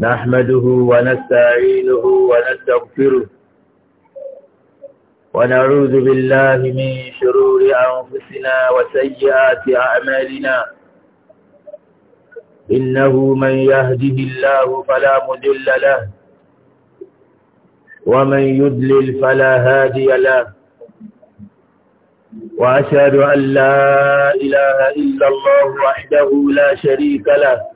نحمده ونستعينه ونستغفره ونعوذ بالله من شرور أنفسنا وسيئات أعمالنا إنه من يهده الله فلا مدل له ومن يدلل فلا هادي له وأشهد أن لا إله إلا الله وحده لا شريك له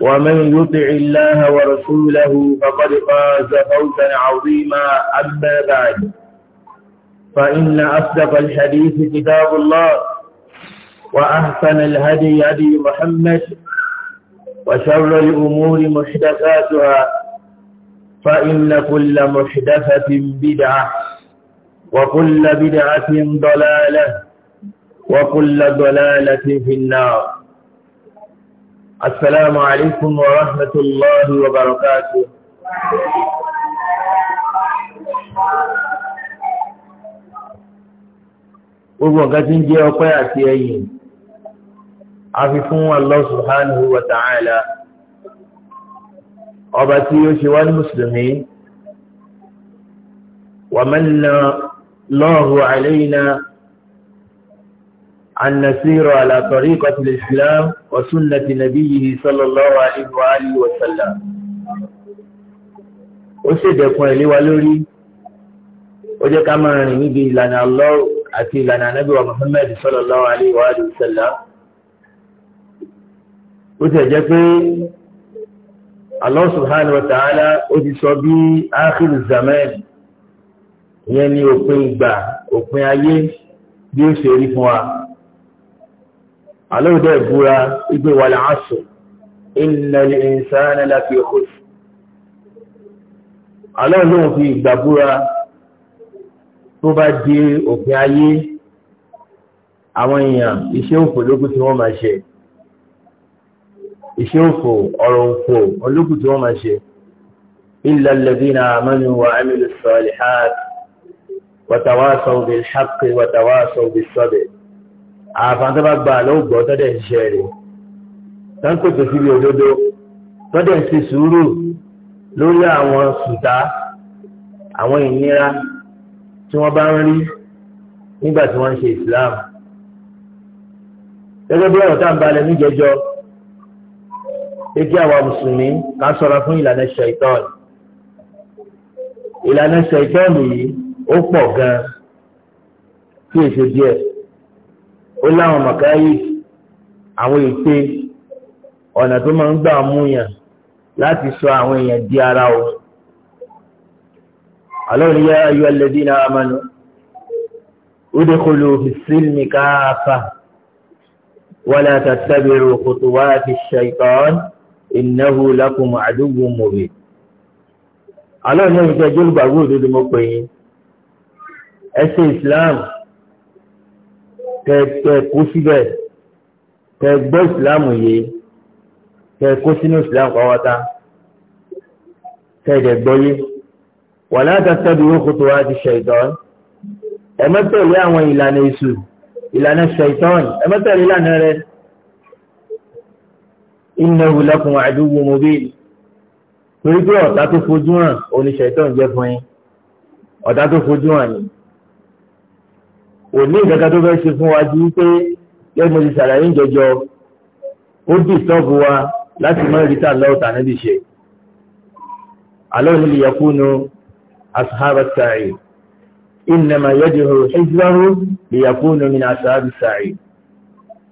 ومن يطع الله ورسوله فقد فاز فوزا عظيما أما بعد فإن أصدق الحديث كتاب الله وأحسن الهدي هدي محمد وشر الأمور محدثاتها فإن كل محدثة بدعة وكل بدعة ضلالة وكل ضلالة في النار السلام عليكم ورحمة الله وبركاته gbogbo nǹkan tí ń jẹ́ ọpẹ́ àti ẹ̀yìn a fi fún Allah subhanahu wa ta'ala ọba tí ó ṣe wá ní mùsùlùmí wa manna Allahu alayna an nasira ala tariqati al-islam وسنة نبيه صلى الله عليه وآله وسلم ó ṣèdẹ̀kùn ẹ̀lé wa lórí ó jẹ́ ká máa rìn níbi ìlànà Allah àti ìlànà Ànábì wa Muhammad sallallahu alaihi wa alihi wa sallam ó tẹ̀ jẹ́ pé Allah subhanahu wa ta'ala ó ti sọ bí ákìlù zaman ìyẹn ni òpin ìgbà òpin ayé bí ó ṣe rí fún wa àlóòdẹ́ ìbúra igbe wà láàṣọ innal insana lafi khusr àlóòlóhùn fi ìgbàbúra tó bá di òpin ayé àwọn èèyàn iṣẹ́ òfò lókùn tí wọ́n máa ṣe iṣẹ́ òfò ọ̀rọ̀ òfò olókùn tí wọ́n máa ṣe illa alladhina amanu wa amilus salihat wa tawasaw bil haqqi àfàn tó bá gba àlọ́ ògbọ́ tọ́dẹ̀ ń ṣe rè tó ń pèsè síbi òdodo tọ́dẹ̀ ń ṣe sùúrù lórí àwọn sùtá àwọn ìnira tí wọ́n bá ń rí nígbà tí wọ́n ń ṣe Islam gẹ́gẹ́ bí ọ̀rọ̀ tá à ń balẹ̀ níjẹjọ́ pé kí àwa mùsùlùmí ká sọ̀rọ̀ fún ìlànà ṣẹ̀tọ́n ìlànà ṣẹ̀tọ́n yìí ó pọ̀ gan-an kí èso díẹ̀ ó láwọn màkàáyé àwọn ète ọ̀nà tó máa ń gbà mú yàn láti sọ àwọn èèyàn di ara o alóòrùn yá ayọ ẹlẹ́dí náà amánu ó dé kó lo fìsílmì káfà wala tattabi'u khutuwati shaytan innahu lakum aduwwun mubin alóòrùn yá ìjẹ́jú gbàgbọ́ òdodo mọ́ pé ẹsẹ̀ Islam kẹ kó síbẹ̀ kẹ gbọ́ ìsìláàmù yìí kẹ kó sínú ìsìláàmù pàwọ́ta kẹ dẹ̀ gbọ́ yé wà láti tẹ́bi orúkọ tó wá di ṣẹ̀tọ́n ẹ má tẹ̀lé àwọn ìlànà èṣù ìlànà ṣẹ̀tọ́n ẹ ìlànà rẹ̀ innahu lakum aduwwun mubin torí pé ọ̀tá tó fojú hàn oníṣẹ̀tọ́n jẹ́ fún yín ọ̀tá tó fojú hàn ni òní nǹkan tó fẹ́ ṣe fún wa ju pé lẹ́yìn mo ti ṣàlàyé ìjọjọ ó dìstọ́bù wa láti mọ ìrítà lọ́wọ́ tànàbí ṣe alóhùn lè yakúnu asahaba sàárì ìnàmà yẹ́dìrò ìjìláhù lè yakúnu min asahaba sàárì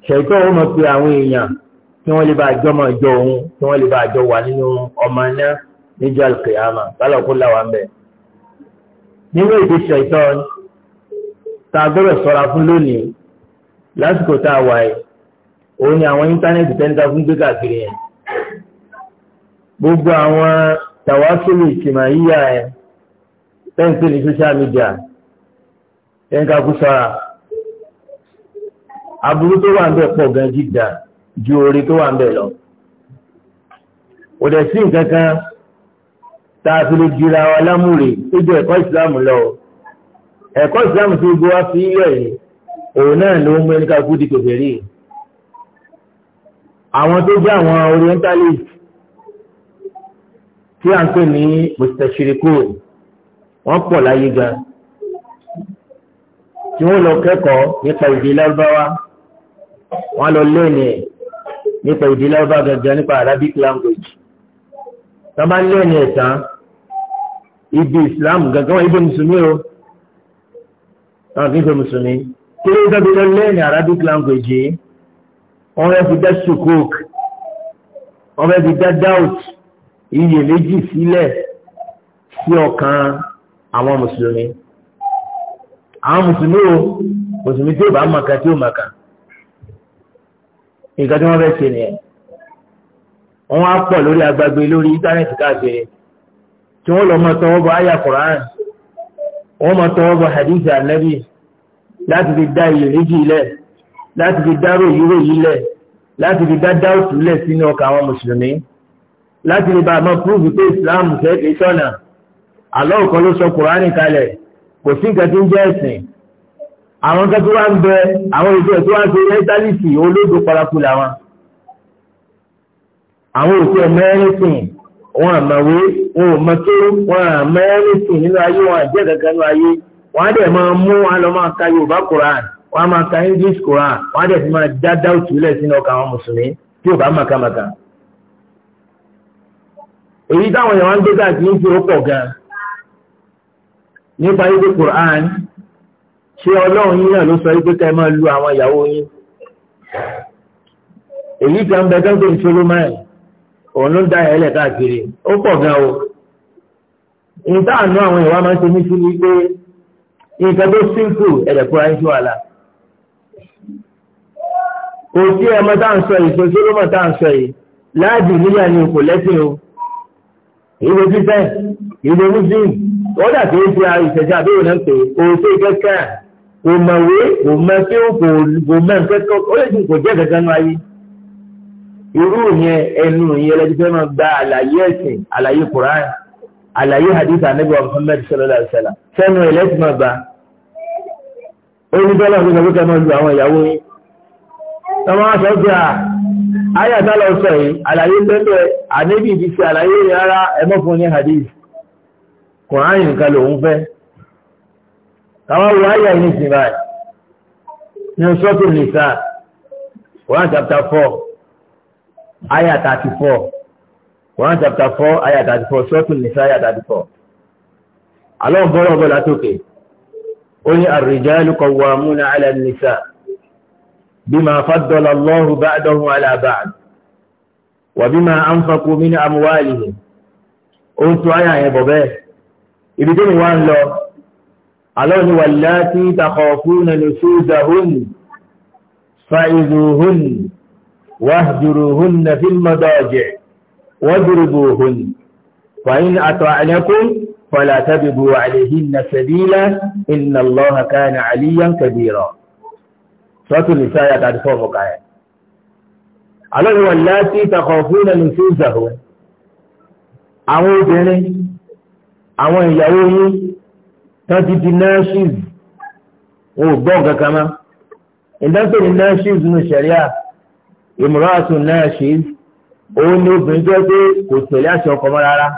ṣètò ọmọ pé àwọn èèyàn kí wọ́n lè bá àjọ ọmọ ìjọ òun kí wọ́n lè bá àjọ wà nínú ọmọ náà níjọ́ alkèyàmà bálọ̀kú làwọn bẹ̀ nínú èdè ṣètò ọ̀nà tá a gbọ́dọ̀ sọ́ra fún lónìí lásìkò tá a wà yìí òun ni àwọn íńtánẹ́ẹ̀tì tẹ́ńtà fún gbé káàkiri yẹn gbogbo àwọn tàwásùlù ìtìmọ̀ yíyá ẹ̀ tẹ́ǹtì ní social media tẹ́ǹkà kú sọ́ra aburú tó wà ń bẹ̀ pọ̀ gan jìdá ju orí tó wà ń bẹ̀ lọ kò dẹ̀ sí nǹkan kan tá a fi lè jura wa lámúre tó jẹ́ ẹ̀kọ́ ìsìlámù lọ ẹ̀kọ́ ìsìlámù tí gbogbo wa fi yẹ̀ yìí òun náà ló ń mú ẹni káàkú di kòkèrè àwọn tó jẹ́ àwọn orientalist tí a ń pè ní mustachiriko wọ́n pọ̀ láyé gan tí wọ́n lọ kẹ́kọ̀ọ́ nípa èdè lárúbáwá wọ́n lọ lẹ́ẹ̀nì ẹ̀ nípa èdè lárúbáwá gangan nípa arabic language tí wọ́n bá lẹ́ẹ̀nì ẹ̀ tán ibi islam gangan ibi mùsùlùmí o náà kí n ṣe mùsùlùmí kí ló dé tó lẹ́yìn arabic language yìí wọ́n fẹ́ fi dá sukuk wọ́n fẹ́ fi dá doubt iyèméjì sílẹ̀ sí ọkàn àwọn mùsùlùmí àwọn mùsùlùmí o mùsùlùmí tí ò bá màkà tí ò màkà nǹkan tí wọ́n fẹ́ ṣe nìyẹn wọ́n á pọ̀ lórí agbágbé lórí íńtánẹ́ẹ̀tì káàkiri tí wọ́n lọ mọ tọwọ́ bọ àyà kùránì wọ́n máa tọwọ́ bọ hadith anabi láti fi dá iyè méjì lẹ̀ láti fi dá ròyìnrò yìí lẹ̀ láti fi dá dáùtù lẹ̀ sínú ọkàn àwọn mùsùlùmí láti lè bá a máa púrúfù pé islam kẹ́kẹ́ sọ̀nà àlọ́ ọ̀kan ló sọ kùránì kalẹ̀ kò sí nǹkan tí ń jẹ́ ẹ̀sìn àwọn nǹkan tó wá ń bẹ àwọn ìjọ tó wá ń ṣe mẹ́tálìsì olóògbé paraku làwọn àwọn òṣèlú mẹ́rin sìn wọn àmàwé wọn ò mọtò wọn àmẹ́rìntì nínú ayé wọn àjẹ́ kankan nínú ayé wọn á dẹ̀ máa mú wọn lọ máa ka yorùbá koran wọn á máa ka english koran wọn á dẹ̀ fi máa dá dáùtù lẹ̀ sínú ọkàn àwọn mùsùlùmí tí ò bá màkàmàkà. èyí táwọn èèyàn wá ń gbé káàkiri ń fi ó gan nípa ibi koran ṣé ọlọ́run yín náà ló sọ wípé ká ẹ máa lu àwọn ìyàwó yín èyí kan bẹ tó ń pè ní solomon òun ló ń dá ẹlẹ káàkiri ó pọ̀ gan o níta àánú àwọn ìwà máa ń ṣe ní sílí pé nǹkan tó sínkù ẹ̀dẹ̀kúra ń ṣó àlà kò sí ẹmọ tá à ń sọ yìí kò sí olómọ tá à ń sọ yìí láàbì níyà ni kò lẹ́sìn o ìwé fífẹ́ ìwé muslim wọ́n dà pé ti ìṣẹ̀ṣẹ̀ àbẹ̀wò náà pé kò sí kẹ́kẹ́ kò mọ̀wé kò mọ̀ kí kò mọ̀ kẹ́kọ̀ọ́ ó lè sìn kò jẹ́ kẹ́kẹ́ nú ayé irú yẹn ẹnu yẹn lẹ́jọ́ fẹ́ máa gba àlàyé ẹ̀sìn àlàyé Quran àlàyé hadith anabi wa Muhammad sallallahu alaihi wa sallam sẹ́nu ẹ̀ lẹ́sìn máa gba ó ní dọ́là fún ìgbàgbọ́ kẹ́mọ́ lu àwọn ìyàwó yín tọ́mọ́ wọn sọ pé àyà tá lọ sọ yìí àlàyé pẹ́pẹ́ ànábì ti ṣe àlàyé yẹn rárá ẹ̀mọ́ fún ní hadith Quran nìkan lòun fẹ́ káwọn wo àyà yìí ní báyìí ní sọ́tù nìsa Quran chapter four ayah thirty four Quran chapter four ayah thirty four sọ́tún nìṣẹ́ ayah thirty four alọ́n bọ́rọ̀ bọ́ látòkè ó ní ar-rijalu qawwamuna 'ala an-nisaa bima faddala Allahu ba'dahum 'ala ba'd wa bima anfaqu min amwalihim ó ń tún ayah yẹn bọ̀ bẹ́ẹ̀ ibi tó ní wá ń lọ alọ́n ni wallati takhafuna nusuzahun fa'izuhun. واهجروهن في المضاجع واضربوهن فإن أطعنكم فلا تبغوا عليهن سبيلا إن الله كان عليا كبيرا سورة النساء قد فوق آية الله واللاتي تخافون نشوزهن àwọn obìnrin àwọn ìyàwó yín tán ti di nurses wọn ò gbọ́ kankan mọ́ ìdánsẹ́ ni nurses nù sẹ̀ríà ìmúrasùn náà ṣe òun ni obìnrin jẹ́ pé kò tẹ̀lé àṣẹ ọkọ mọ́ rárá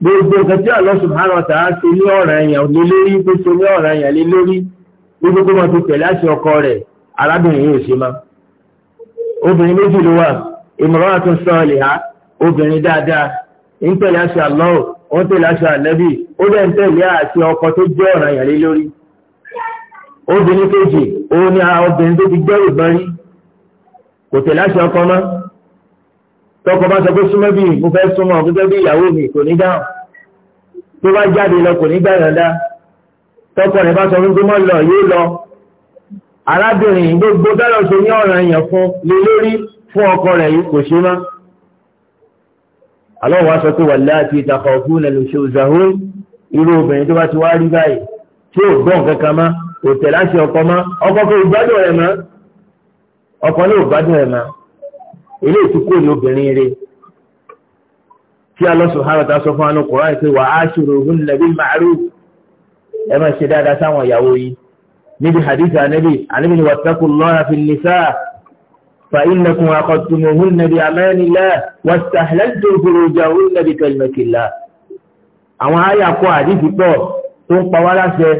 gbogbo nǹkan tí Allah subhanahu wa ṣe ní ọ̀ràn èèyàn lé lórí tó ṣe ní ọ̀ràn lé lórí gbogbo ọkọ rẹ̀ arábìnrin ṣe obìnrin méjì ló wà obìnrin dáadáa ń tẹ̀lé àṣẹ ó ń tẹ̀lé àṣẹ ọkọ tó jẹ́ ọ̀ràn lé lórí obìnrin kejì òun ni obìnrin tó kò tẹ̀lé àṣẹ ọkọ mọ́ tọkọ bá sọ pé súnmọ́ bí mo fẹ́ súnmọ́ gẹ́gẹ́ bí ìyàwó mi kò ní dáhùn tó bá jáde lọ kò ní gbà yọ̀ǹda tọkọ rẹ̀ bá sọ fún pé mọ́ lọ yóò lọ arábìnrin gbogbo dọ́lọ̀ ṣe ní ọ̀ràn èèyàn fún lé lórí fún ọkọ rẹ̀ yìí kò ṣe mọ́ Allah wa sọ pé wallati takhafuna nushuzahun irú obìnrin tó bá ti wá rí báyìí tí ò gbọ́n kankan mọ́ kò tẹ̀ láti ọkọ mọ́ ọkọ kò gbádùn rẹ̀ mọ́ ọkùnrin ò gbádùn ẹ̀ máa ilé ìtukọ̀ ni obìnrin rẹ̀ tí Allah subhanahu wa ta'ala sọ fún anú Kùránì pé wa ashiruhunna bil ma'ruf ẹ máa ṣe dáadáa sáwọn ìyàwó yìí níbi hadith anabi anabi ni wattaqullaha fin nisa fa innakum aqadtumuhunna bi amanillah wastahlaltum furujahunna bi kalimatillah àwọn àyà kọ àdìsí pọ̀ tó ń pa wá láṣẹ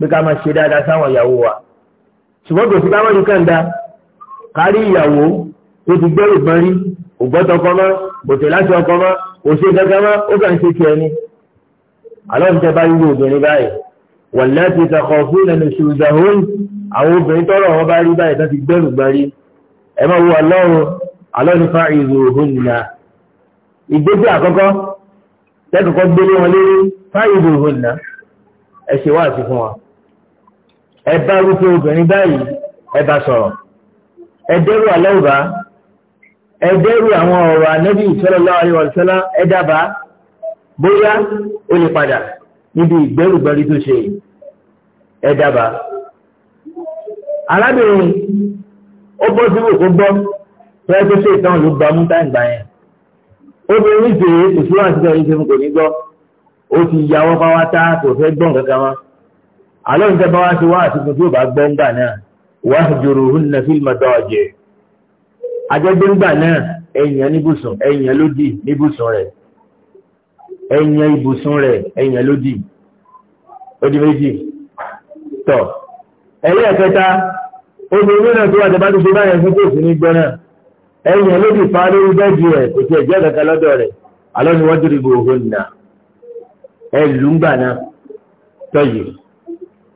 pé ká máa ṣe dáadáa sáwọn ìyàwó kárí ìyàwó ó ti gbẹ́rù kan rí ògbọ́tọ̀ ọkọ mọ́ bòtò láti ọkọ mọ́ òṣè kankan mọ́ ó kàn ṣe tiẹ̀ ni. àlọ́run tẹ bá yí obìnrin báyìí wọ̀lẹ́ ti kọ̀kọ́ fún ìlànà ìṣòwòjà hóun àwọn obìnrin tọrọ wọn bá rí báyìí tán ti gbẹ́rù gbá rí ẹ máa wo àlọ́run àlọ́run fa ìrò òhun nìyà ìgbésẹ̀ àkọ́kọ́ tẹ́kọ̀ọ́ gbélé wọn lé fa ìrò òhun nìyà ẹ ṣe wá ẹ̀dẹ́rù aláwùbá ẹ̀dẹ́rù àwọn ọ̀rọ̀ ànábì sallallahu alaihi wasallam ẹ̀dàbà bóyá ó lè padà níbi ìgbẹ́rùgbẹ́rí tó ṣe ẹ̀dàbà. arábìnrin ó bọ́ sí òkú gbọ́ fẹ́ẹ́ tó ṣe ìtàn ló gba múta ìgbà yẹn obìnrin ṣe òṣùwà àtijọ́ yìí ṣe fún kò ní gbọ́ ó ti yàwọ́ fáwátá kò fẹ́ gbọ́n kankan wọn àlọ́ ìjọba wa ṣe wá àtìkù tí ò bá gbọ́ ńgbà náà wahjuruhunna fil madaji ajẹ́gbẹ́ngbà náà ẹ̀yàn níbùsùn ẹ̀yàn lódì níbùsùn rẹ̀ ẹ̀yàn ibùsùn rẹ̀ ẹ̀yàn lódì ó di méjì tọ̀ ẹ̀yẹ́ ẹ̀kẹta obìnrin náà tó wà tẹ́ bá ti ṣe báyẹn fún kòsì ní gbọ́nà ẹ̀yìn ló ti fa lórí bẹ́ẹ̀dì rẹ̀ kò tiẹ̀ jẹ́ kankan lọ́dọ̀ rẹ̀ alọ́ ni wọ́n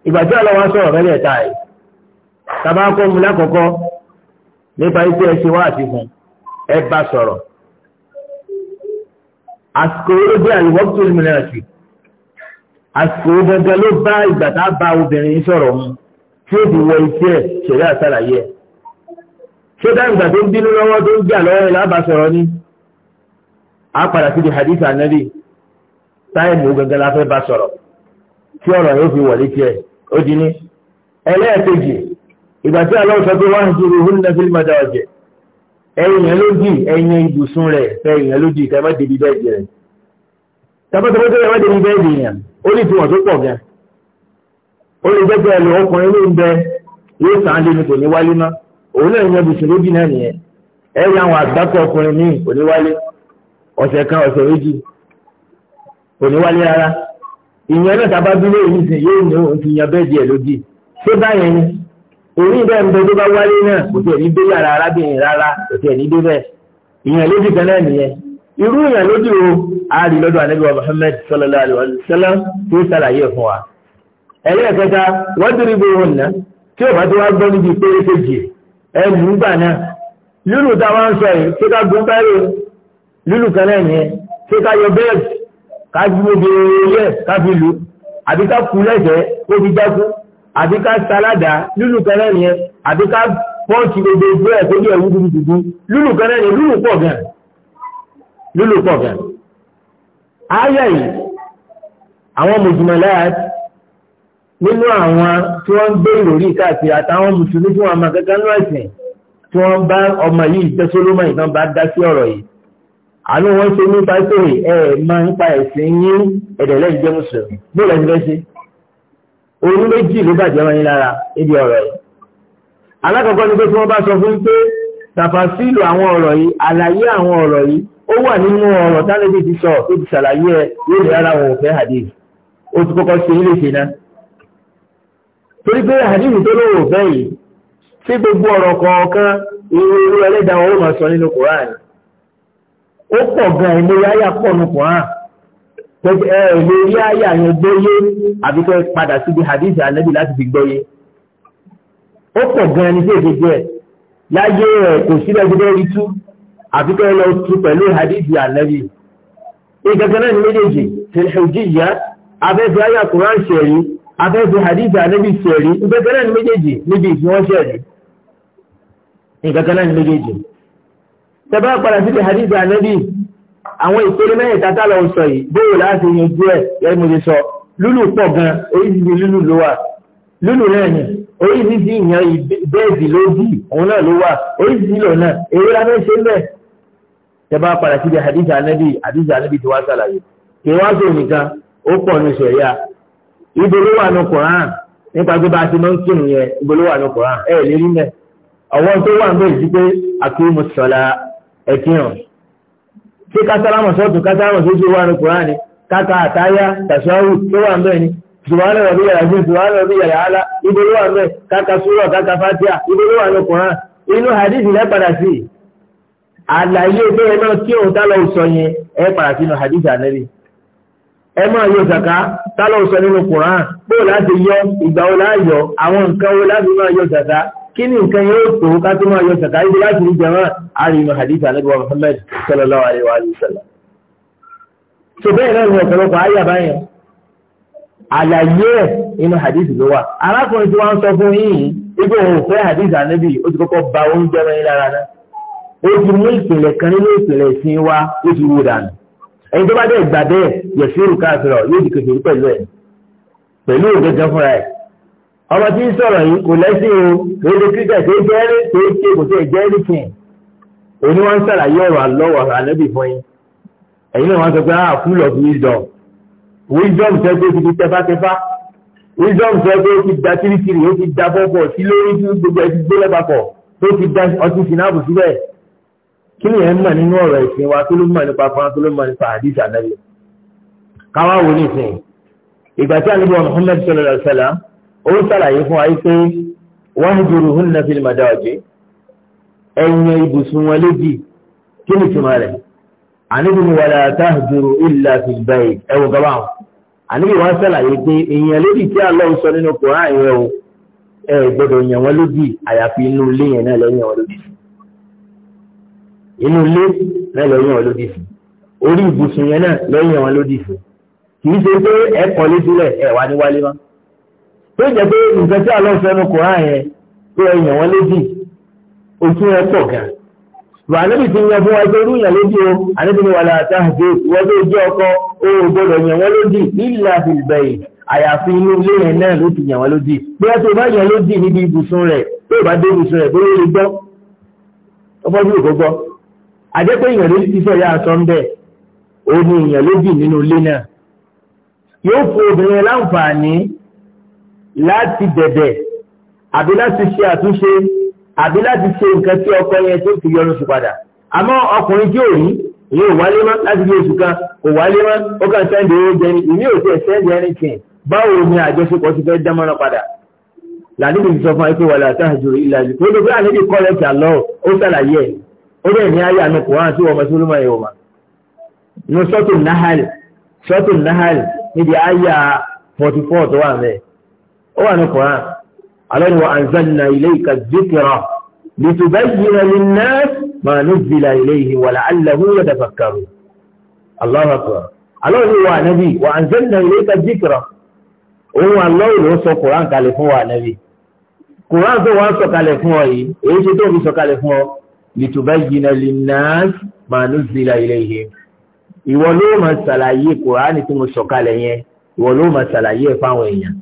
ìgbà tí ọlọ́wọ́ sọ̀rọ̀ mẹ́lẹ̀ ta ẹ̀ tàbá kọ́ mu lákọ̀ọ́kọ́ nípa ikú ẹ ṣe wá àfihàn ẹ bá sọ̀rọ̀ àsìkò ó dé àlùwọ́pù tó mìíràn sí àsìkò ó dandan ló bá ìgbà tá a bá obìnrin sọ̀rọ̀ mu tí ó ti wọ iṣẹ́ ẹ̀ ṣẹ̀rí àṣàlàyé ẹ̀ ṣé dáhùn ìgbà tó ń bínú lọ́wọ́ tó ń jà lọ́wọ́ ẹ̀ lábàá sọ̀rọ̀ ni a padà sí di hadith anabi táìmù gangan la fẹ́ bá sọ̀rọ̀ tí ọ̀rọ̀ yóò fi wọlé tiẹ̀ ó di ní ẹlẹ́ẹ̀kejì ìgbà tí aláwọ̀ sọ pé wọ́n ń jìrì hún náà fílmà dáwà jẹ ẹ̀yìn ẹ̀ lódì ẹ̀yìn ibùsùn rẹ̀ ẹ̀yìn ẹ̀ lódì kẹ́ má débi bẹ́ẹ̀dì rẹ̀ tapọ́tapọ́ tó yẹ má débi bẹ́ẹ̀dì yẹn ó lè fi wọ́n tó pọ̀ gan ó lè jẹ́ pé ẹ̀lọ́ ọkùnrin ló ń bẹ yóò sàn án lẹ́nu kò ní wálé rárá ìyẹn náà tábà bí lóyún yóò ní òun ti yan bẹ́ẹ̀dì ẹ̀ lódì ṣé báyẹn ni orí ìdẹ́ ǹbẹ tó bá wáyé náà kò tiẹ̀ ní dé yàrá arábìnrin rárá kò tiẹ̀ ní dé bẹ́ẹ̀ ìyàn lójú kan náà nìyẹn irú ìyàn lójú o àárí lọ́dọ̀ ànábì wa Muhammad sallallahu alaihi wa sallam tó ṣàlàyé fún wa ẹlẹ́ẹ̀kẹta wọ́n dúró ibi òun náà tí ò bá tó wá gbọ́ níbi péré kejì ẹnu gbà náà lílù tá a máa ń sọ yìí ṣé ká gun bẹ́ẹ̀rẹ̀ lílù kan náà nìyẹn ṣé ká yọ bẹ́ẹ̀rẹ̀ ká gbogbo yẹ ká fi lù àbí àbí ká sàládà lúlù kan náà nìyẹn àbí ká pọ́ǹsì gbogbo ìgbé ẹ̀ tó yẹ wúdú dùdú lúlù kan náà lúlù pọ̀ gan lúlù pọ̀ gan. ayé yìí àwọn mùsùlùmọ́lá nínú àwọn tí wọ́n ń gbé ìròrí káàkiri àtàwọn mùsùlùmí tí wọ́n máa kankan náà sìn tí wọ́n bá ọmọ yìí tẹ́sọ́lọ́mọ ìtàn bá dá sí ọ̀rọ̀ yìí àánú wọn ṣe nípa pé ẹ máa ń pa ẹ̀sìn yín ẹ̀dẹ̀lẹ́ ìjẹun sọ̀rọ̀ bó lẹ́nu fẹ́ orí méjì ló bàjẹ́ wọn yín lára níbi ọ̀rọ̀ yìí alákọ̀ọ́kọ́ ni pé tí wọ́n bá sọ fún pé tàfàsílù àwọn ọ̀rọ̀ yìí àlàyé àwọn ọ̀rọ̀ yìí ó wà nínú ọ̀rọ̀ tálẹ́bí ti sọ tó ti ṣàlàyé ẹ yóò lè rárá wọn ò fẹ́ hadith ó ti kọ́kọ́ ṣe ilé ṣe náà torí pé hadith tó lówó ò fẹ́ yìí sí gbogbo ọ̀rọ̀ kọ̀ọ̀kan irú irú ẹlẹ́dàá wọn ó máa sọ nínú Kùránì ó pọ̀ gan-an ìmúyáyà pọ̀ nínú Kùránì tẹ́jú ẹ ò lè rí àyà yẹn gbóyé àbí kẹ́ padà síbi hadith anabi láti fi gbóyé ó pọ̀ gan-an ní sí èdè díẹ̀ láyé ẹ̀ kò sílẹ̀ gbọ́dọ̀ rí tú àbí kẹ́ lọ tú pẹ̀lú hadith anabi ìgbàgbọ́n náà ní méjèèjì tẹ̀lẹ́hùjíyà abẹ́fẹ́ àyà kùrán ṣẹ̀rí abẹ́fẹ́ hadith anabi ṣẹ̀rí ìgbàgbọ́n náà ní méjèèjì níbi ìfihàn ṣẹ̀rí ìgbàgbọ́n náà ní méjèèjì tẹ́bá àwọn ìpele mẹ́rin tata lọ sọ yìí bóyá láti yanjú ẹ̀ yẹ́n mo ti sọ lúlù pọ̀ gan oríṣiríṣi lúlù ló wà lúlù náà ni oríṣiríṣi ìyàn bẹ́ẹ̀dì ló dì òun náà ló wà oríṣiríṣi lọ náà èrè la fẹ́ ṣe ń bẹ̀. tẹ bá padà síbi àdìsá anábì àdìsá anábì tí wàá ṣàlàyé kí wàá tó nìkan ó pọ̀ ní sẹ̀ríà ibo ló wà ní Kùrán nípa pé bá ṣé kásálámà sọ́tún kásálámà sójú wà ní kùránì káka àtáyá tàṣáwù tó wà ń bẹ̀ ni ṣùgbọ́n ọ̀bí yàrá sí ṣùgbọ́n ọ̀bí yàrá ala ibi ló wà ń bẹ̀ káka súrọ̀ káka fátíà ibi ló wà ní kùránì inú hadithi lẹ́ padà sí àlàyé bẹ́ẹ̀ náà kí òun tá lọ sọ yẹn ẹ padà sínú hadithi ànẹ́bí ẹ máa yọ zaka tá sọ nínú kùránì bóò láti yọ ìgbà wo láàyọ àwọn nǹkan wo láti máa yọ zaka kí ni nǹkan yóò tó ká tó máa yọ sàkáyé bí láti rí jẹmọ́ àrìmọ̀ hadith alẹ́gbọ́ Muhammad sallallahu alaihi wa sallam so bẹ́ẹ̀ náà ni ọ̀pọ̀lọpọ̀ ayé àbáyẹn àlàyé ẹ̀ inú hadith ló wà arákùnrin tí wọ́n sọ fún yìí ibi òun ò fẹ́ hadith ànábì ó ti kọ́kọ́ ba oúnjẹ mẹ́rin lára náà ó ti mú ìpìlẹ̀ kan nínú ìpìlẹ̀ ìsìn wa ó ti wú dànù ẹni tó bá dẹ̀ gbà bẹ́ẹ̀ káàkiri yóò di kékeré pẹ̀lú ẹ̀ pẹ̀lú ògẹ́gẹ́ fúnra ẹ̀ ọmọ tí ń sọ̀rọ̀ yìí kò lẹ́sìn o kò lè kíkẹ́ tó jẹ́ rí tó jẹ́ kò tó jẹ́ rí kìn òní wọ́n ń sàlàyé ọ̀rọ̀ àlọ́wọ̀ àlẹ́bì fún yín ẹ̀yin náà wọ́n sọ pé ah full of wisdom wisdom sọ pé ó ti di tẹfátẹfá wisdom sọ pé ó ti da kirikiri ó ti da bọ́bọ̀ sí lórí tí gbogbo ẹ ti gbé lẹ́bàpọ̀ tó ti da ọtí sinapu síbẹ̀ kí ni ẹ̀ ń mọ̀ nínú ọ̀rọ̀ ìsìn wa kí ló mọ̀ nípa fún wa kí ló mọ̀ nípa àdìsá náà káwá wo ní ìsìn ìgbà tí àlejò Muhammad sallallahu alaihi wasallam ó salaye fún wa pé wahjuruhunna fil madaji ẹ̀yìn ibùsùn wọn léjì kí ni túmọ̀ rẹ̀ àníbi ni wala tahjuru illa fil bayt ẹ̀wọ̀n gaba wọn àníbi wọn ṣàlàyé pé èèyàn léjì tí Allah sọ nínú Kùránì àìyẹ o ẹ gbọ́dọ̀ yàn wọn lódì àyàfi inú ilé yẹn náà lẹ́yìn wọn lódì inú ilé náà lẹ́yìn wọn orí ibùsùn yẹn náà lẹ́yìn wọn kì í ṣe pé ní wálé máa. tó jẹ́ pé nǹkan tí àlọ́ fẹ́nu kò hàn yẹn tó ẹ̀yàn wọn léjì ojú ẹ pọ̀ gan. Bàbá níbi tí yan fún wa pé irú yàn léjì o, àníbi ni wàhálà àti àhùjẹ ìwọ́n tó jẹ́ ọkọ òun gbọdọ̀ yàn wọ́n léjì nílà àfìlbẹ̀yì àyàfi inú ilé yẹn náà ló ti yàn wọ́n lódì. Bí wọ́n tó bá yàn lódì níbi ibùsùn rẹ̀ tó bá dé ibùsùn rẹ̀ bóyá lè gbọ́. Ọkọ̀ bí òkò gbọ́. Àjẹ́ pé ìyàn lódì sọ ìyá àsọ ń bẹ̀. Ó ní ìyàn lódì nínú ilé náà. Yóò fún obìnrin láǹfààní láti bẹ̀bẹ̀ àbí láti ṣe àtúnṣe àbí láti ṣe nǹkan tí ọkọ yẹn tó fi yọrùn sí padà àmọ́ ọkùnrin tí ò rí ìyẹn ò wálé mọ́ láti bí oṣù kan kò wálé mọ́ ó kàn sẹ́ndì oúnjẹ ni ìní ò tẹ̀ sẹ́ndì anything báwo ni àjọṣepọ̀ ti fẹ́ dámọ́ràn padà làníbi ti sọ fún wa pé wàlá àtàjù ìlàjì tó dé pé níbi ayé forty tó wà mẹ́ẹ̀ ó wà ní Quran alẹ́ ni wa anzalna ilayka dhikra litubayyina linnas ma nuzila ilayhi wa la'allahum yatafakkarun Allahu akbar alẹ́ ni wa ànábì wa anzalna ilayka dhikra òun wà lọ́wọ́ ló sọ Quran kalẹ̀ fún wa ànábì Quran tó wà sọ̀kalẹ̀ fún ọ yìí èyí ṣe tó fi sọ̀kalẹ̀ fún ọ litubayyina linnas ma nuzila ilayhim ìwọ ló máa ṣàlàyé Kùránì tí mo sọ̀kalẹ̀ yẹn ìwọ ló máa ṣàlàyé fáwọn èèyàn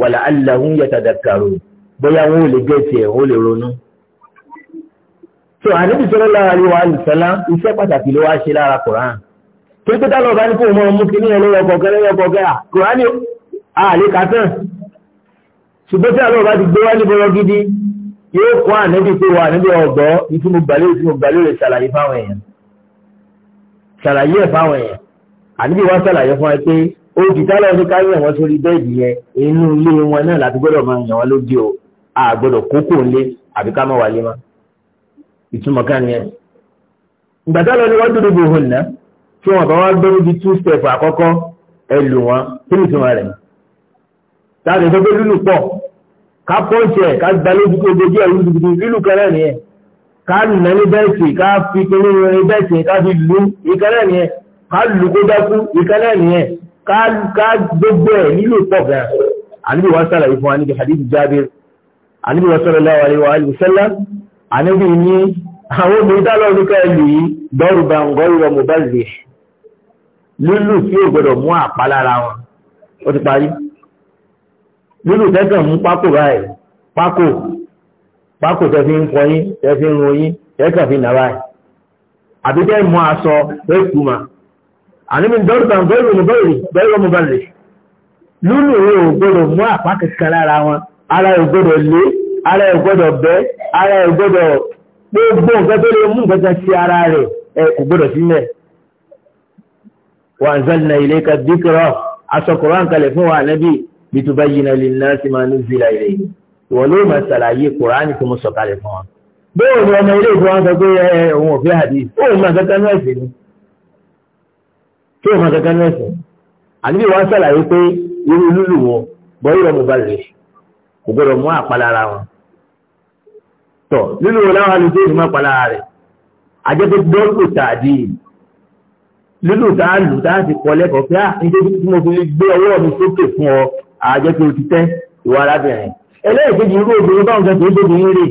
wàlà aláhùn yàtàdàkàrò bóyá wọn ò lè gẹ̀ẹ́sì ẹ̀ wọn ò lè ronú. tó ànábì sallallahu alaihi wa sallam iṣẹ́ pàtàkì ló wá ṣe lára koran tó ń pété lọ́ba ní kó mọ ọmú kí ní ẹ̀rọ ọkọ̀ọ̀kẹ́ lẹ́yìn ọkọ̀ọ̀kẹ́ à koran àlè kàtàn ṣùgbọ́n tí àlọ́ bá ti gbé wá ní bọ́lọ́ gidi yóò kó ànábì pé wà níbi ọ̀gbọ́ ìtumọ̀ gbàlẹ́ olùdíjálọ ní ká yàn wọn sórí bẹ́ẹ̀dì yẹn inú ilé wọn náà láti gbọ́dọ̀ máa yàn wọn lóde o a gbọ́dọ̀ kókó ńlé àbí ká má wà lé mọ́ ìtumọ̀ kan yẹn. ìgbàdá lọ ni wọ́n dúró bò hùn náà tí wọ́n bá wá gbé níbi two step àkọ́kọ́ ẹ lù wọ́n kí ni ìtumọ̀ rẹ̀. táàbí tó gbé lílù pọ̀ ká pọ́ǹsì ẹ̀ ká gba lójú kó gbèjì ẹ̀rú gidigidi lílù kẹrẹ́ nìyẹn ká nà ní bẹ́ẹ̀sì ká fi ká gbogbo ẹ̀ nílò pọ̀ gan àníbí wọn sàlàyé fún wa níbi hadith Jabir àníbí wọn sallallahu alaihi wa alihi wasallam àníbí ní àwọn obìnrin dálọ́ ní káàlù yìí dọ́rùbà ń gọ́rùbà mọ̀báìlì lílù tí ò gbọdọ̀ mú àpá lára wọn ó ti parí lílù tẹ́kàn mú pákó báyìí pákó pákó tẹ́ fi ń kọyín tẹ́ fi ń ronyín tẹ́kàn fi nà báyìí àbí tẹ́ mú aṣọ tẹ́ kùmà àní mi dọ́rù tàn bẹ́ẹ̀rù ní bẹ́ẹ̀rù bẹ́ẹ̀rù ọmọ bá lè lúlù rẹ̀ ò gbọ́dọ̀ mú àpá kankan lára wọn ara ò gbọ́dọ̀ lé ara ò gbọ́dọ̀ bẹ́ ara ò gbọ́dọ̀ gbogbo nǹkan tó lè mú nǹkan sí ara rẹ̀ ẹ kò gbọ́dọ̀ sílẹ̀. wa anzalna ilayka dhikra asọkùnrin àǹkalẹ̀ fún wa nábì litubayyina linnasi ma nuzila ilayhi wọ́n ló máa ṣàlàyé kùránì tó mú sọ̀kalẹ̀ fún wa. bóòlù ọmọ ilé ìfowópamọ́ sọ pé ẹ òun ò fẹ́ àdìs tí ó hàn kankan ní ẹ̀sìn àníbí wọn ṣàlàyé pé irú lúlù wọn bọ́ yìí lọ́mọba lè kò gbọ́dọ̀ mú àpalára wọn tọ̀ lúlù wọn láwọn alùpùpù yìí máa palára rẹ̀ àjẹpẹ́ dọ́ọ̀lù tàdí lúlù tá a lù tá a ti kọ́ lẹ́kọ̀ọ́ pé à ah, nítorí tí mo fi gbé ọwọ́ mi sókè fún ọ àjẹpẹ́ o ti tẹ́ ìwà arábìnrin ẹlẹ́ẹ̀kejì irú obìnrin báwọn kan kìí tóbi ń rè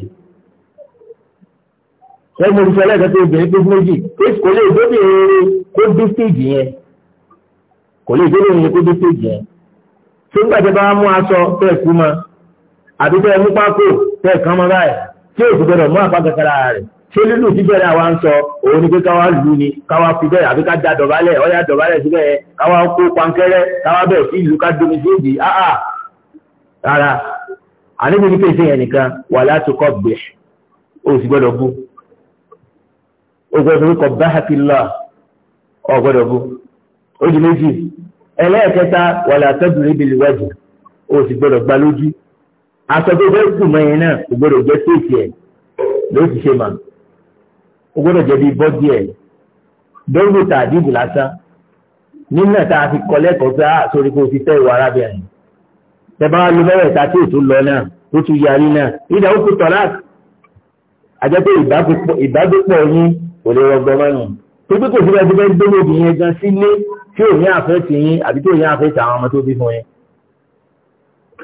ṣẹ́gun olùsọ ẹlẹ́ẹ̀kẹ́ tó obìnrin tó méjì kò lè tóbi ń rè kó dé stéèjì yẹn kò lè dé lónìí kó dé stage yẹn tó ń gbàjọba mú aṣọ tẹ̀ kú mọ́ àbí tẹ̀ mú pákó tẹ̀ kán mọ́ báyìí tí o sì gbọdọ̀ mú àpá kankan lára rẹ̀ ṣé lílù síbẹ̀rẹ̀ àwa ń sọ òun ni pé káwa lù ni káwa fi bẹ́ẹ̀ àbí ká da dọ̀bálẹ̀ ọ̀yà dọ̀bálẹ̀ síbẹ̀ káwa kó pankẹ́rẹ́ káwa bẹ̀ sí ìlú ká domi sí èdè áà rárá àníbi ní pèsè yẹn nìkan wà látòkọ gbè o sì gbọdọ̀ bú o gbọdọ̀ bú kọ bá hàkí lọ ọ gbọdọ̀ bú ó di méjì ẹlẹ́ẹ̀kẹta wàlẹ̀ àtọ́dúnrún ibi ìwájú o sì gbọ́dọ̀ gba lójú aṣọ tó fẹ́ kù mọ́ yẹn náà kò gbọ́dọ̀ jẹ́ séèkì ẹ̀ ló ti ṣe mà ó gbọ́dọ̀ jẹ́ bí bọ́dí ẹ̀ dọ́gbò tà dìbò lásán nínà tá a fi kọ́ lẹ́kọ̀ọ́ pé a ah, sórí kó o ti fẹ́ ìwà arábìnrin tẹ́bá ló bẹ̀rẹ̀ ta tí ètò lọ náà ó tún yarí náà ìdá ó kú tọ́lá àjẹpẹ́ ìbádọ́pọ̀ yín kò lè rọgbọ mọ́nù tó pé kò sí ẹni bẹ́ẹ̀ gbé lóbi yẹn gan sílé tí ò ní àfẹ́ tì yín àbí tí ò ní àfẹ́ tì àwọn ọmọ tó bí fún yẹn.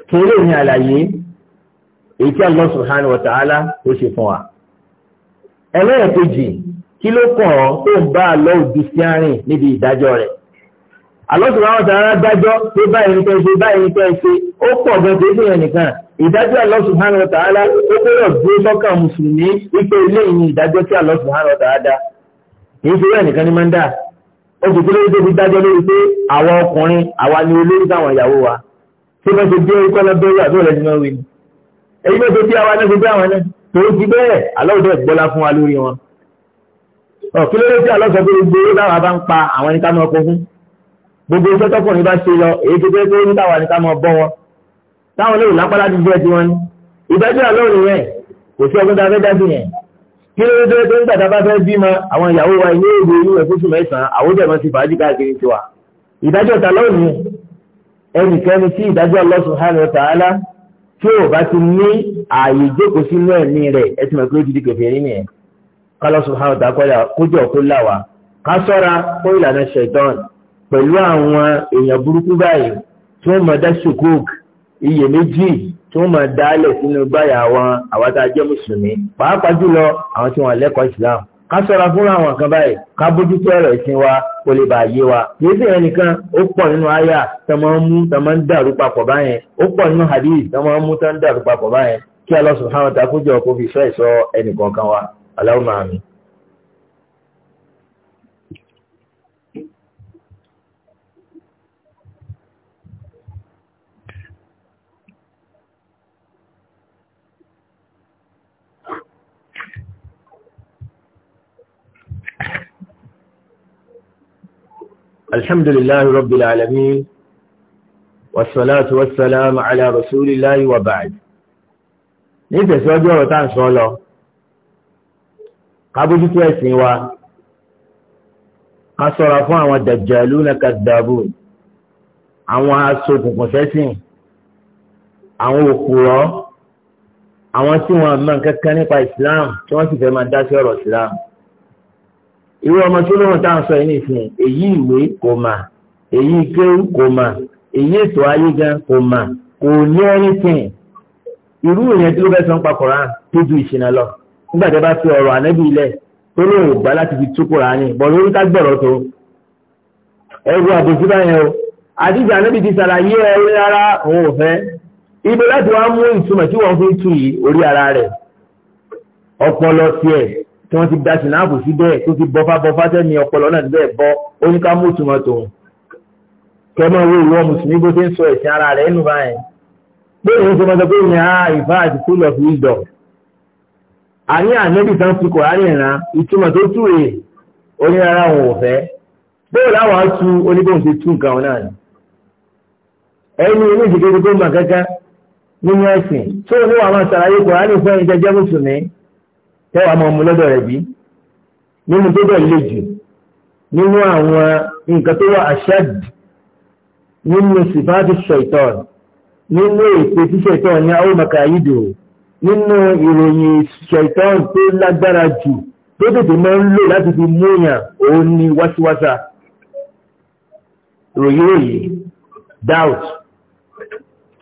kéré ní àlàyé èyí tí Allah subhanahu wa ta'ala ó ṣe fún wa. ẹlẹ́ẹ̀kejì kí ló kàn ọ́ tó ń bá àlọ́ òbí sí àárín níbi ìdájọ́ rẹ̀. Allah subhanahu wa ta'ala dájọ́ pé báyìí nìkan ṣe báyìí nìkan ṣe ó pọ̀ gan tó ṣe yẹn nìkan ìdájọ́ Allah subhanahu wa ta'ala ó gbọ́dọ̀ dúró sọ́kàn mùsùlùmí wípé ilé ìyìn ìdájọ́ tí Allah subhanahu wa dá kì í ṣe wẹ́ẹ̀ nìkan ní máa ń dà ó sì kúlẹ̀ tó fi dájọ́ lórí pé àwa ọkùnrin àwa ni olórí táwọn ìyàwó wa tí wọ́n ti dé ikọ́ lọ bẹ́ẹ̀ àbí ọ̀rẹ́ ti máa ń wí ni èyí ló ti dé àwa náà ti dé àwọn náà tó ti bẹ́ẹ̀ aláwùjọ ìgbọ́lá fún wa lórí wọn. kí ló dé tí alọ́sọ pé gbogbo owó táwa bá ń pa àwọn ẹni ká máa kó fún gbogbo iṣẹ́ tọkùnrin bá ṣe lọ èyí ti dé pé ó ní táwa ni ká bọ́ kí ló dé tó ń gbàdá bá fẹ́ bímọ àwọn ìyàwó wa ilé ìwé inú ẹ̀kú sùn mẹ́sàn-án àwòdẹ̀mọ́ ti fàájì káàkiri tiwa ìdájọ́ ta lónìí ẹnikẹ́ni tí ìdájọ́ Allah subhanahu wa ta'ala tí ò bá ti ní ààyè jókòó sínú ẹ̀mí rẹ̀ ẹ ti mọ̀ pé ó ti di kèfèrí nìyẹn kálọ́ subhanahu wa ta'ala kójọ kó là wá ká sọ́ra kó ìlànà ṣẹ̀tọ́n pẹ̀lú àwọn èèyàn burúkú báyìí tí wọ́n mọ̀ dá sukuk iyèméjì tí wọ́n máa dálẹ̀ sínú gbáyà wọn àwọn tá a jẹ́ mùsùlùmí pàápàá jùlọ àwọn tí wọ́n lẹ́kọ̀ọ́ islam ká ṣọ́ra fún àwọn nǹkan báyìí ká bójútó ọ̀rọ̀ ìsìn wa kó lè bàa yé wa yìí sì yẹn nìkan ó pọ̀ nínú àyà tó máa ń mú tó máa ń dàrú papọ̀ báyẹn ó pọ̀ nínú hadith tó máa ń mú tó ń dàrú papọ̀ báyẹn kí Allah subhanahu wa kó jọ kó sọ ìsọ ẹnìkọ̀ọ̀kan wa Allahumma amin. الحمد لله رب العالمين والصلاة والسلام على رسول الله وبعد nítẹ̀síwájú ọ̀rọ̀ tá à ń sọ lọ kábójútó ẹ̀sìn wa ká sọ̀rọ̀ fún àwọn dàjàlú na kàdàbù àwọn asokùnkùn sẹ́sìn àwọn òkúrọ̀ àwọn tí wọ́n mọ̀ nǹkan kan nípa Islam tí wọ́n sì fẹ́ máa dá sí ọ̀rọ̀ Islam. Islam irú ọmọ tí olóhùn tá à ń sọ yìí nìsín èyí ìwé kò mà èyí kéwù kò mà èyí ètò ayé gan kò mà kò ní anything irú ìyẹn tí ló fẹ́ sọ ń pa koran tó ju ìṣìnà lọ nígbà tí a bá fi ọ̀rọ̀ ànábì ilẹ̀ tó lóun ò gbá láti fi tú koran ni bọ̀ lórí ká gbọ̀rọ̀ tó ẹrù àbòsí báyẹn o àdìjà ànábì ti ṣàlàyé ẹ orí ara òun ò fẹ́ ibi láti wá mú ìtumọ̀ tí wọ́n fi tú yìí orí ara rẹ̀ ọpọlọ tiẹ̀ tí wọ́n ti da sinapu sí bẹ́ẹ̀ tó ti bọ́fá bọ́fá sẹ́ni ọpọlọ náà bẹ́ẹ̀ bọ́ ó ní ká mú ìtumọ̀ tòun kẹmọ owó ìwọ mùsùlùmí bó ṣe ń sọ ẹ̀sìn ara rẹ̀ nù báyìí pé èyí ṣe mọ́tò pé ní a ìfá àti full of wisdom àní ànẹ́bí tán fi kọ̀ọ̀rán ìran ìtumọ̀ tó tú rè onírara òun ò fẹ́ bóò láwọn á tu oníbòun ti tú nǹkan náà ni ẹni ilé ìṣèkéde tó ń bà kankan nínú ẹ̀sìn tó ní wàá máa ṣàlàyé kọ̀ọ̀rán tẹ́wàá mọ́ ọmọ lọ́dọ̀ rẹ̀ bí nínú tó bẹ̀ lè jù nínú àwọn nǹkan tó wà ashad nínú sifati shaitan nínú èpè tí shaitan ní àwọn makayido nínú ìròyìn shaitan tó lágbára jù tó tètè máa ń lò láti fi múyàn òun ni wáṣíwáṣá ròyìn ròyìn doubt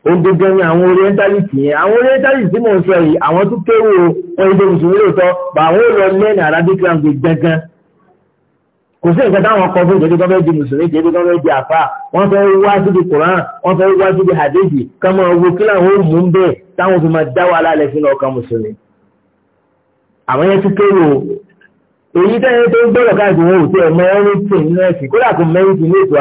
òǹdodo ni àwọn orientalist yẹn àwọn orientalist tí mò ń sọ yìí àwọn tó kéwò òǹdodo mùsùlùmí lóòótọ́ bà àwọn ò lọ lẹ́nu arabic language gangan kò sí nǹkan táwọn kọ fún ìjọba tó fẹ́ di mùsùlùmí ìjọba tó fẹ́ di àfa wọ́n fẹ́ wá síbi koran wọ́n fẹ́ wá síbi hadithi ká máa wo kí làwọn ò mú un bẹ́ẹ̀ táwọn fi máa dá wàhálà lẹ̀ sínú ọkàn mùsùlùmí. àwọn yẹn ti kéwò èyí tẹ́yẹ tó ń gbọ́dọ̀ káàkiri wọn ò tiẹ̀ mọ ọ́rùn tì nínú ẹ̀sìn kódà kò mẹ́rin tì ní ètò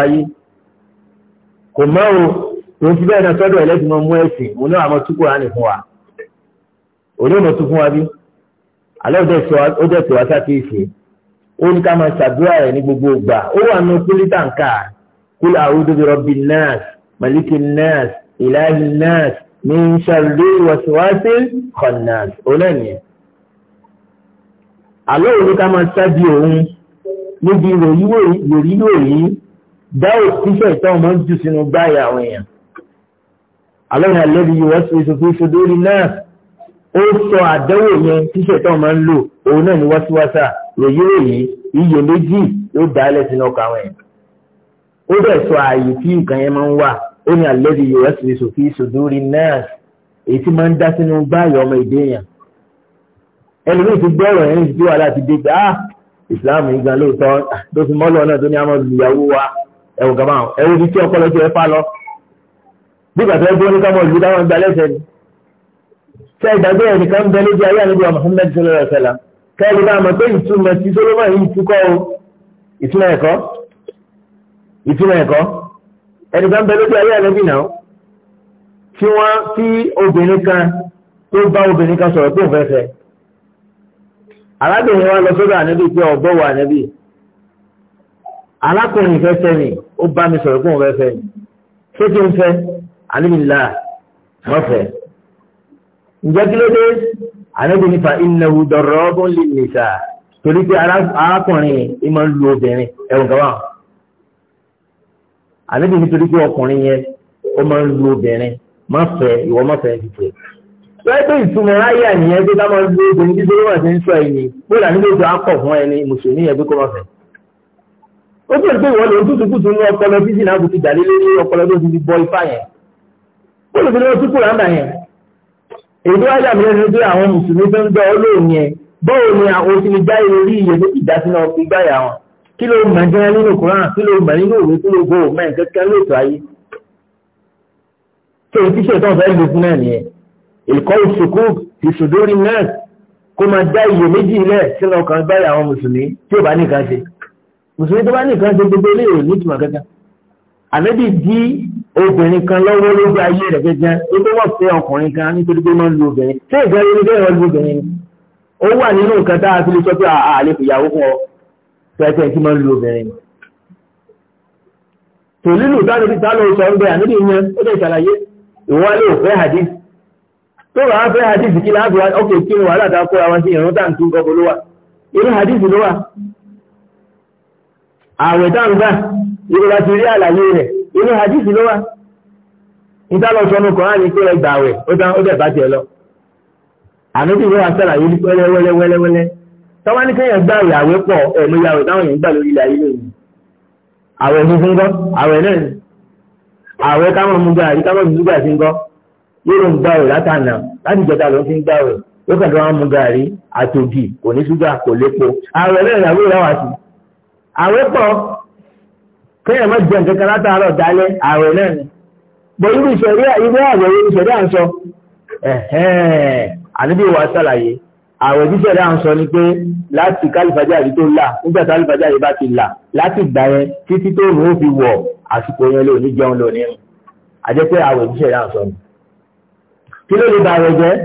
tòun ti bẹ́ẹ̀ náà sọ́dọ̀ ẹlẹ́sìn mọ́ mú ẹ̀sìn òun náà àmọ́ tú kúránì fún wa òun náà mọ̀ tú fún wa bí alẹ́ ó dẹ̀ tó wá sákèéfì ó ní ká máa ṣàdúrà rẹ̀ ní gbogbo ìgbà ó wà ní kúlítà ńkà kúlù àwùjọ bí rọ́bì nọ́ọ̀sì màlíkì nọ́ọ̀sì ìlàhì nọ́ọ̀sì ní ṣàlùdé wàṣíwáṣí kọ̀nàṣì òní ká alọ́nà lẹ́bi yìí wọ́n ti fi sodori náà ó sọ àdánwò yẹn tíṣẹ̀ tó máa ń lò òun náà ni wáṣíwáṣà ròyìn ròyìn iye méjì yóò dá lẹ́sìn ọkọ̀ àwọn ẹ̀ ó dẹ̀ sọ ààyè tí nǹkan yẹn máa ń wà ó ní alẹ́bi yìí wọ́n ti fi sodori náà èyí tí máa ń dá sínú báyọ̀ ọmọ èdè yẹn ẹlòmíì ti gbọ́ yẹn ti wà láti dé pé ah islam ìgbà lóòótọ́ ah, tó fi mọ́ lọ́nà tó ní àmọ́ ìyàwó wa ẹ̀wọ̀n gàmáà nígbà tó gbọ́ ní kámọ́ ìlú táwọn gba lẹ́sẹ̀ ni ṣe ìdájọ́ ẹ̀ nìkan bẹ lójú ayé àníbi wa Muhammad sallallahu alaihi wasallam kẹ́lí bá mọ̀ pé ìtumọ̀ ti Solomon yìí túkọ́ o ìtumọ̀ ẹ̀kọ́ ìtumọ̀ ẹ̀kọ́ ẹnìkan bẹ lójú ayé àníbi náà tí wọ́n tí obìnrin kan tó bá obìnrin kan sọ̀rọ̀ tó fẹ́ fẹ́ arábìnrin wa lọ sọ́dọ̀ àníbi pé ọ̀bọ̀ wà àníbi alákùnrin fẹ́ fẹ́ ó bá mi sọ̀rọ̀ tó fẹ́ fẹ́ ṣé kí n fẹ́ alimila lọ́fẹ̀ẹ́ ǹjẹ́ kí ló dé àlejò nípa ìnáwó dọ̀rọ̀ bó lè nìta torí pé arákùnrin ìmọ̀ ń lu obìnrin ẹ̀wọ̀n kan wà àlejò nítorí pé ọkùnrin yẹn ó máa ń lu obìnrin má fẹ́ ìwọ má fẹ́ dìde. Bẹ́ẹ̀ tó ìtumọ̀ ayé àníyàn pé ká máa lu obìnrin títí ó wà sí ń sọ ẹni bóyá nílò ìjọ akọ̀ fún ẹni mùsùlùmí yẹn pé kó má fẹ́. Ó bẹ̀rẹ̀ pé ìwọ lòun tútù kùtù ní ọpọlọ títí náà kò ti dàlé lórí ọpọlọ tó ti fi bọ ifá yẹn bóòlù fi lọ́wọ́ sí kúrò àmà yẹn èyí wá yà mí lẹ́nu àwọn mùsùlùmí tó ń gbọ́ olóòrùn yẹn bóòlù ni àwọn òfin ìgbà ìrírí iye tó ti dásí náà fi gbáyà wọn kí ló mọ̀ jẹ́ nínú kúrán kí ló mọ̀ nínú òwe kí ló gbọ́ òmọ̀ ẹ̀ kẹ́kẹ́ lóòtọ́ ayé tó ti ṣètò ọ̀fẹ́ ló fún náà nìyẹn ìkọ́ ìṣòkú ìṣòdórí náà kó máa dá iye méjì lẹ̀ sínú ọkàn gbáyà àwọn mùsùlùmí tí ò bá nìkan ṣe mùsùlùmí tó bá nìkan ṣe gbogbo eléyìí ò ní ìtumọ̀ kankan ànábì di obìnrin kan lọ́wọ́ lójú ayé rẹ̀ gẹ́gẹ́ tó wọ́n fẹ́ ọkùnrin kan nítorí pé máa ń lu obìnrin tí ìgbà a fi ọ pẹ́ẹ́tẹ́ tí máa ń lu obìnrin ni. tá ló sọ ń bẹ ó dẹ̀ ṣàlàyé hadith tó wàá fẹ́ hadith kí kí ni wàhálà wọn sí ìrún tá à ìrora ti rí àlàyé rẹ̀ inú hadithi ló wà ìtàlọ́ sọnù kan á ní pé ẹgbàá wẹ̀ ó dá ó dẹ̀ bá tiẹ̀ lọ ànábì wọ́n àṣàlàyé ní wẹ́lẹ́wẹ́lẹ́wẹ́lẹ́ tọ́wọ́ ní kéèyàn gbà rẹ̀ àwẹ̀ pọ̀ ẹ̀mí yàwẹ̀ táwọn èèyàn gbà lórí ilẹ̀ ayé lónìí àwẹ̀ funfun gọ́ àwẹ̀ náà ni àwẹ̀ káwọn mú gàrí káwọn mú gàrí sí ń gọ́ yóò ló ń gbà rẹ̀ látànà láti ìjọta ló fi ń gbà rẹ̀ ó kàn káwọn mú gàrí àtògì kò ní ṣúgà kò lépo àwẹ̀ náà ìyàwó ìyàwó àti àwẹ̀ pọ̀ kéèyàn má jẹ nǹkan kan látàárọ̀ dálẹ́ ààrẹ náà ni bọ̀ irú ìṣẹ̀rí irú ààrẹ irú ìṣẹ̀rí à ń sọ àníbí wa ṣàlàyé ààrẹ ìṣẹ̀rí à ń sọ ni pé láti kálífàjà yìí tó là nígbà tí kálífàjà yìí bá ti là láti gbà yẹn títí tó rùn ó fi wọ̀ àsìkò yẹn lò ní jẹun lò ní àjẹpẹ́ ààrẹ ìṣẹ̀rí à ni kí ló lè ba ààrẹ jẹ́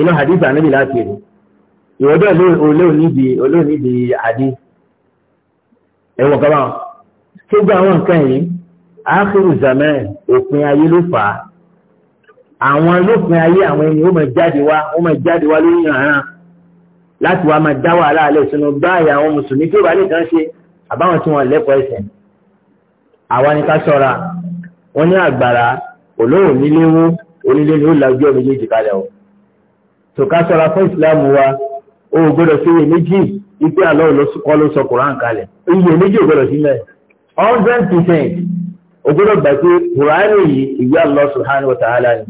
iná hadith ànábì láti rí ìwọ́dọ̀ olóòníbi gbogbo àwọn nǹkan yìí ákìrù zamẹ́n òpin ayé ló fà á àwọn lópin ayé àwọn ẹni ó máa jáde wá ó máa jáde wá lórí ìhàn láti wá máa dá wàhálà alẹ́ sínú báyìí àwọn mùsùlùmí tí ó bá lè kàn ṣe àbáwọn tí wọ́n lẹ́kọ̀ọ́ ẹ̀sìn àwa ni ká ṣọ́ra wọ́n ní àgbàrá olóhùn nílé onílé ni ó la ojú ọmọ méjì o tó ká ṣọ́ra fún ìsìláàmù wa o ò gbọ́dọ̀ sí iye méjì ipe àlọ́ ò lọ sọ Kùránì kalẹ̀ iye méjì ò gbọ́dọ̀ sí mẹ́rin hundred percent o gbọ́dọ̀ gbà pé kùránì yìí ìwé Allah subhanahu wa ta'ala ni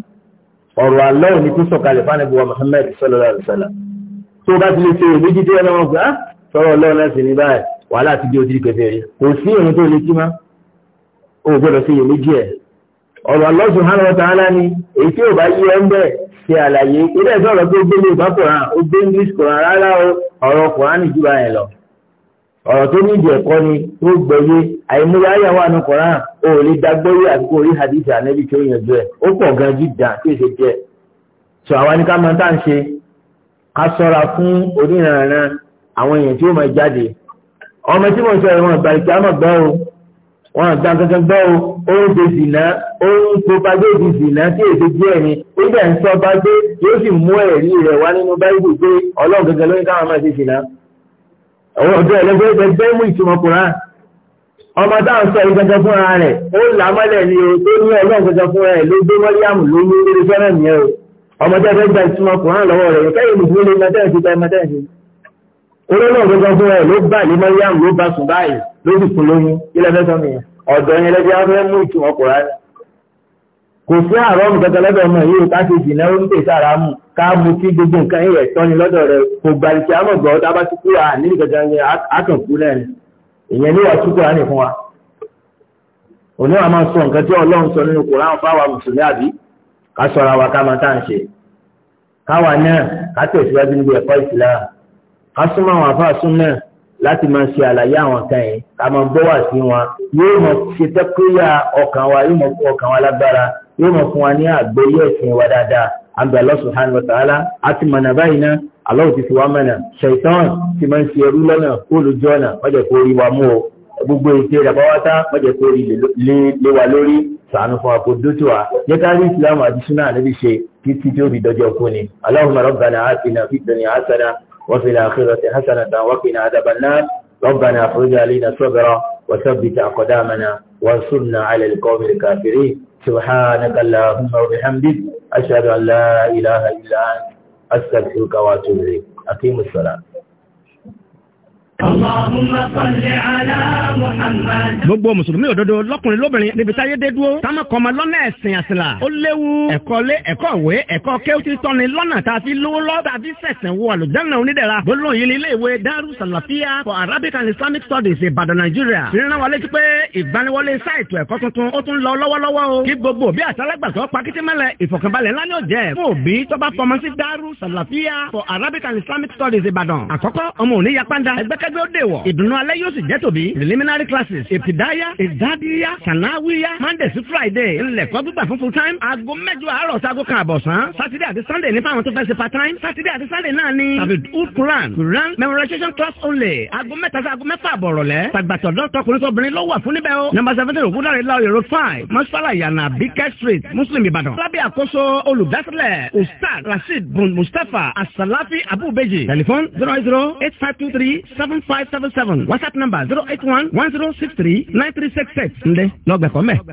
ọ̀rọ̀ Allah ni tó sọ̀kalẹ̀ fún ànábì wa Muhammad sallallahu alaihi wa sallam tó o bá ti lè ṣe èmi jíjẹ ẹ lọ́wọ́ gbà ah, sọ̀rọ̀ ọlọ́run náà sì ní báyìí wàhálà ti di ojúlé pẹ̀fẹ́ rí kò sí ìrìn tó lè kí má o gbọ́dọ̀ ṣe èmi jí ẹ̀ ọ̀rọ̀ Allah subhanahu wa ta'ala ni èyí tí ò bá yí ẹ ń bẹ̀ ṣe àlàyé ilé ẹ̀dọ́ ọ̀rọ̀ tó gbélé àìmúra ayà wà ní koran o ò lè dágbórí àti kò rí hadith ànábì tó yànjú ẹ̀ ó pọ̀ gan jìdá tí èsè jẹ́ sọ àwa ní ká máa tá à ń ṣe ká sọ́ra fún oníranran àwọn èèyàn tí ó máa jáde ọmọ tí mo sọ ẹ̀ wọn àgbàlẹ̀ kí á mọ̀ gbọ́ o wọn àgbà kankan gbọ́ o ó ń de zìnà ó ń propagé di zìnà tí èsè jẹ́ ẹ̀ni ó dẹ̀ ń sọ bá yóò sì mú ẹ̀rí rẹ̀ wá nínú báyìí pé ọlọ́run gẹ́gẹ́ káwọn máa ṣe zìnà ọ̀dọ́ ẹ̀lẹ́gbẹ́ ọmọ táà ń sọ yìí gẹ́gẹ́ fúnra rẹ̀ ó là mọ́lẹ̀ ni o tó ní ọlọ́run gẹ́gẹ́ fúnra rẹ̀ ló gbé mọ́líàmù ló ní lórí fẹ́ràn mi o ọmọ tẹ́ fẹ́ gba ìtumọ̀ kùnrán lọ́wọ́ rẹ̀ kẹ́yìn olùdúró lè mọ tẹ́ẹ̀sì tẹ́ mọ tẹ́ẹ̀sì olóòrùn gẹ́gẹ́ fúnra rẹ̀ ló bà ní mọ́líàmù ló bá sùn báyìí ló sì fún lóyún ilẹ̀ fẹ́ sọmi ọ̀dọ́ yẹn lẹ́jẹ́ á fẹ́ mú ìtumọ̀ kùnrán kò sí àárọ̀ mi kẹta lọ́dọ̀ ọmọ yìí ká ti jìnnà ó ń pè sára mu ká mu kí gbogbo nǹkan yìí rẹ̀ tọ́ni lọ́dọ̀ rẹ̀ kò gbàlìkì àmọ̀gbọ́ tá a bá ti kú à nílùú gẹ́gẹ́ yẹn kàn kú náà èèyàn ló wà tú kùránì fún wa òní wa máa sọ nǹkan tí ọlọ́run sọ nínú kùránì fáwa mùsùlùmí àbí ká sọra wa ká máa tá à ń ṣe káwa náà ká tẹ̀síwájú níbi ẹ̀kọ́ ìsìlámù ká súnmọ́ àwọn àfáà sún náà láti máa ṣe àlàyé àwọn kan yìí ká máa bọ́ wà sí wọn yóò mọ ṣe tẹ́kúyà ọkàn wa yóò mọ fún ọkàn wa lágbára yóò mọ fún wa ní àgbóyè ẹ̀sìn wa dáadáa àgbà Allah aláwọ̀ ti fi wá mọ̀nà ṣẹ̀tàn ti máa ń ṣe ẹrú lọ́nà kó lójú ọ̀nà mọ̀jẹ̀ kó rí wa mú o gbogbo ètè rẹ̀ pátá mọ̀jẹ̀ kó rí lé wa lórí sànù fún àpò dótò wa jẹ́ rí ìsìlámù àti súnà níbi ṣe títí tí ó fi dọjọ́ kú ni Allahumma rabbana atina fid dunya hasana wa fil akhirati hasanatan wa qina adhaban nar ربنا افرج علينا صبرا وثبت أقدامنا وانصرنا على القوم الكافرين سبحانك لا إله إلا astaghfiruka wato atubu a kai salat gbogbo mùsùlùmí òdodo lọ́kùnrin lóbìnrin níbi táyé dé dúró táwọn kan máa lọ́nà ẹ̀sìn àṣìlá ó léwu ẹ̀kọ́ lé ẹ̀kọ́ ìwé ẹ̀kọ́ kéwùtì tọ́ni lọ́nà tá a fi lówó lọ́ tá a fi sẹ̀sẹ̀ wọ àlùjáná onídẹ̀ra gbólóhùn yìí ní ilé ìwé Daru Salafia for Arabic and Islamic Studies Ìbàdàn Nàìjíríà ìrìnà wọlé ti pé ìgbaniwọlé sáìtù ẹ̀kọ́ tuntun ó tún lọ lọ́wọ́lọ́wọ́ o kí gbogbo bí àtàlágbàtọ́ pakitimẹ́lẹ̀ ìfọ̀kànbalẹ̀ ńlá ni ó jẹ́ fún òbí tó bá fọmọ sí Daru Salafia for Arabic and Islamic Studies Ìbàdàn àkọ́kọ́ ọmọ òní yapanda ẹgbẹ́k kẹgbẹ́ ó dè wọ̀. ìdùnnú alẹ́ yóò sì jẹ́ tòbí. preliminary classes ìpìdáyà ìdádíyà sànáwíyà monday sí friday ńlẹ̀kọ́ gbígbà fún full time. aago mẹ́jọ àárọ̀ sago kan àbọ̀sán. saturday àti sunday ní fáwọn tó fẹ́ ṣe part time. saturday àti sunday náà ni. tàbí old quran quran memorization class only. aago mẹ́ta sí aago mẹ́fà àbọ̀rọ̀lẹ́. tàgbàtọ̀ dọ́tọ̀ kùnrin sọ́bìnrin ló wà fún níbẹ̀ o. number seventeen ògúndàrí láòyè road five mọ́ṣálà yana bíkẹ́ street muslim ìbàdàn. lábẹ́ àkóso olùdásílẹ̀ ustaz rasheed bun mustapha asalafi abubeji. tẹlifon zero eight zero eight five two three seven 7577 WhatsApp number 081 1063 9366 ǹdẹ́ lọ́gbẹ̀kọ́ mẹ́.